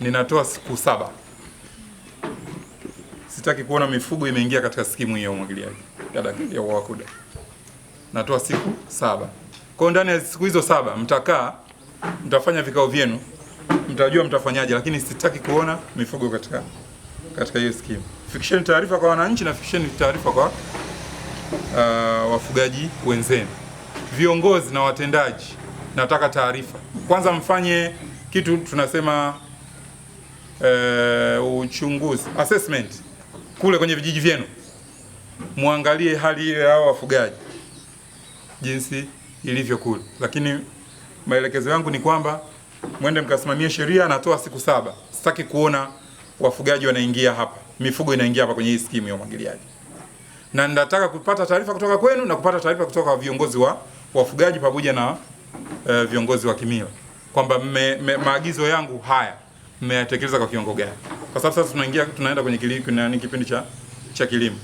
ninatoa siku saba. Sitaki kuona mifugo imeingia katika skimu ya umwagiliaji ya ya UWAKUDA. Natoa siku saba. Kwa ndani ya siku hizo saba mtakaa, mtafanya vikao vyenu, mtajua mtafanyaje, lakini sitaki kuona mifugo katika katika hiyo skimu. Fikisheni taarifa kwa wananchi na fikisheni taarifa kwa uh, wafugaji wenzenu. Viongozi na watendaji, nataka taarifa kwanza, mfanye kitu tunasema uh, uchunguzi assessment kule kwenye vijiji vyenu, muangalie hali ile hao wafugaji jinsi ilivyo kule, lakini maelekezo yangu ni kwamba mwende mkasimamie sheria, anatoa siku saba. Sitaki kuona wafugaji wanaingia hapa, mifugo inaingia hapa kwenye hii skimu ya umwagiliaji, na nataka kupata taarifa kutoka kwenu na kupata taarifa kutoka kwa viongozi wa wafugaji pamoja na uh, viongozi wa kimila kwamba maagizo yangu haya mmeyatekeleza kwa kiwango gani, kwa sababu sasa tunaingia tunaenda kwenye kilimo, kipindi cha cha kilimo.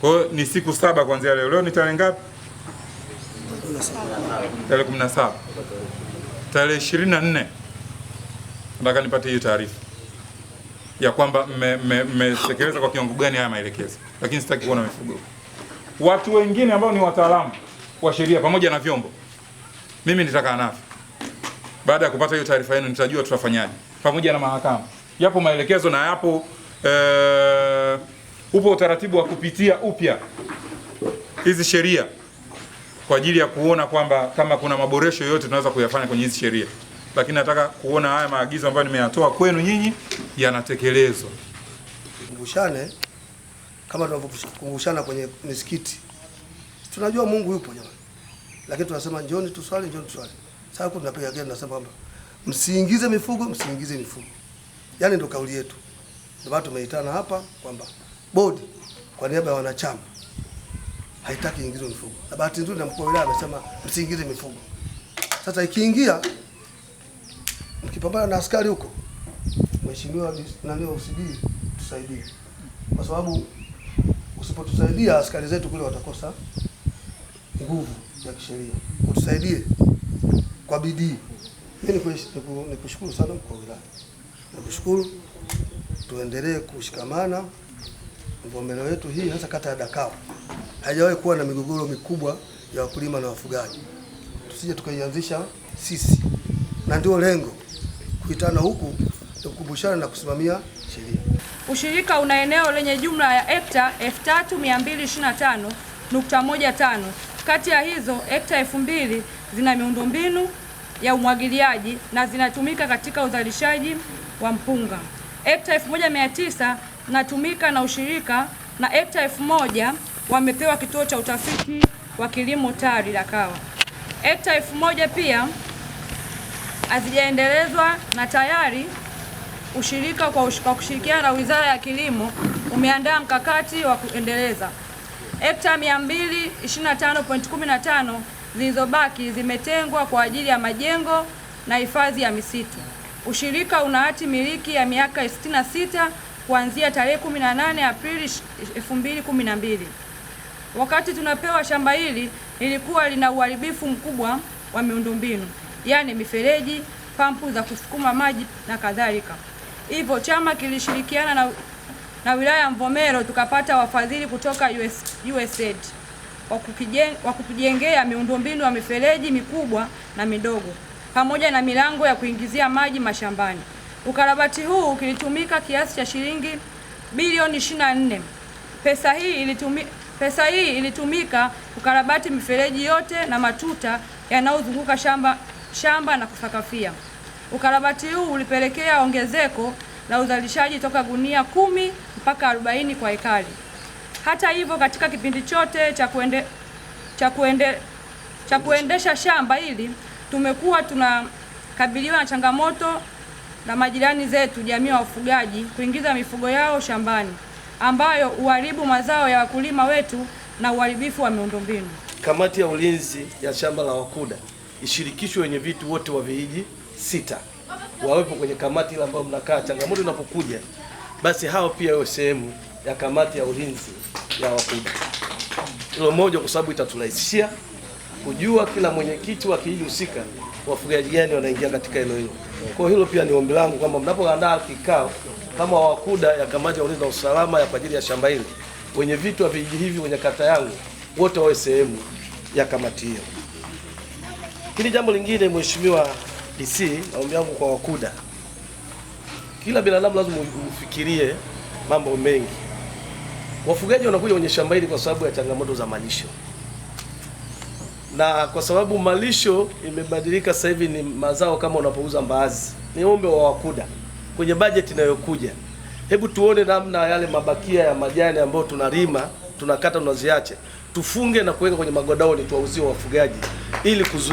Kwa hiyo ni siku saba kuanzia leo. Leo ni tarehe ngapi? Tarehe kumi na saba. Tarehe ishirini na nne nataka nipate hiyo taarifa ya kwamba mmetekeleza kwa kiwango gani haya maelekezo, lakini sitaki kuona mifugo. Watu wengine ambao ni wataalamu wa sheria pamoja na vyombo, mimi nitakaa navyo. Baada ya kupata hiyo taarifa yenu, nitajua tutafanyaje pamoja na mahakama. Yapo maelekezo na yapo uh, upo utaratibu wa kupitia upya hizi sheria kwa ajili ya kuona kwamba kama kuna maboresho yoyote tunaweza kuyafanya kwenye hizi sheria, lakini nataka kuona haya maagizo ambayo nimeyatoa kwenu nyinyi yanatekelezwa. Kumbushane kama tunavyokumbushana kwenye misikiti. Tunajua Mungu yupo jamani, lakini tunasema njoni tuswali, njoni tuswali. Sasa tunapiga kelele, tunasema kwamba msiingize mifugo, msiingize mifugo. Yaani ndo kauli yetu, ndio maana tumeitana hapa kwamba bodi kwa niaba ya wanachama haitaki ingizwe mifugo, na bahati nzuri na mkuu wa wilaya amesema msiingize mifugo. Sasa ikiingia mkipambana na askari huko, mheshimiwa nani wa usidi tusaidie, kwa sababu usipotusaidia askari zetu kule watakosa nguvu ya kisheria. Utusaidie kwa bidii. Mimi nikushukuru sana mkuu wa wilaya, nikushukuru. Tuendelee kushikamana, Mvomero yetu hii hasa kata ya Dakawa haijawahi kuwa na migogoro mikubwa ya wakulima na wafugaji, tusije tukaianzisha sisi, na ndio lengo kuitana huku ni kukumbushana na kusimamia sheria. Ushirika una eneo lenye jumla ya hekta 3225.15 kati ya hizo hekta 2000 zina miundombinu ya umwagiliaji na zinatumika katika uzalishaji wa mpunga. Hekta 1900 zinatumika na ushirika na hekta 1000 wamepewa kituo cha utafiti wa kilimo TARI Lakawa. Hekta 1000 pia hazijaendelezwa na tayari ushirika kwa kushirikiana na Wizara ya Kilimo umeandaa mkakati wa kuendeleza. Hekta 225.15 zilizobaki zimetengwa kwa ajili ya majengo na hifadhi ya misitu. Ushirika una hati miliki ya miaka 66 kuanzia tarehe 18 Aprili 2012. Wakati tunapewa shamba hili lilikuwa lina uharibifu mkubwa wa miundombinu, yaani mifereji, pampu za kusukuma maji na kadhalika. Hivyo chama kilishirikiana na, na wilaya ya Mvomero tukapata wafadhili kutoka US, USAID wa kutujengea miundombinu ya mifereji mikubwa na midogo pamoja na milango ya kuingizia maji mashambani. Ukarabati huu kilitumika kiasi cha shilingi bilioni 24. Pesa hii ilitumika pesa hii ilitumika kukarabati mifereji yote na matuta yanayozunguka shamba, shamba na kusakafia. Ukarabati huu ulipelekea ongezeko la uzalishaji toka gunia kumi mpaka 40 kwa ekari. Hata hivyo, katika kipindi chote cha kuende, cha kuende, cha kuendesha shamba hili tumekuwa tunakabiliwa na changamoto na majirani zetu, jamii ya wafugaji kuingiza mifugo yao shambani ambayo huharibu mazao ya wakulima wetu na uharibifu wa miundombinu. Kamati ya ulinzi ya shamba la Wakuda ishirikishwe wenye vitu wote wa vijiji sita wawepo kwenye kamati ile ambayo mnakaa. Changamoto inapokuja, basi hao pia wawe sehemu ya kamati ya ulinzi ya Wakuda. Hilo moja, kwa sababu itaturahisishia kujua kila mwenyekiti wa kijiji husika wafugaji gani wanaingia katika eneo hilo. Kwa hilo pia ni ombi langu kwamba mnapoandaa kikao kama Wakuda ya kamati ya ulinzi na usalama ya kwa ajili ya shamba hili, wenye vitu wa vijiji hivi wenye kata yangu wote wawe sehemu ya kamati hiyo. Kile jambo lingine, Mheshimiwa DC, naombi yangu kwa Wakuda, kila binadamu lazima ufikirie mambo mengi. Wafugaji wanakuja kwenye shamba hili kwa sababu ya changamoto za malisho, na kwa sababu malisho imebadilika sasa hivi ni mazao kama unapouza mbaazi. Niombe wa wakuda kwenye bajeti inayokuja, hebu tuone namna yale mabakia ya majani ambayo tunalima tunakata, tunaziache tufunge na kuweka kwenye magodao, ni tuwauzie wafugaji ili kuzu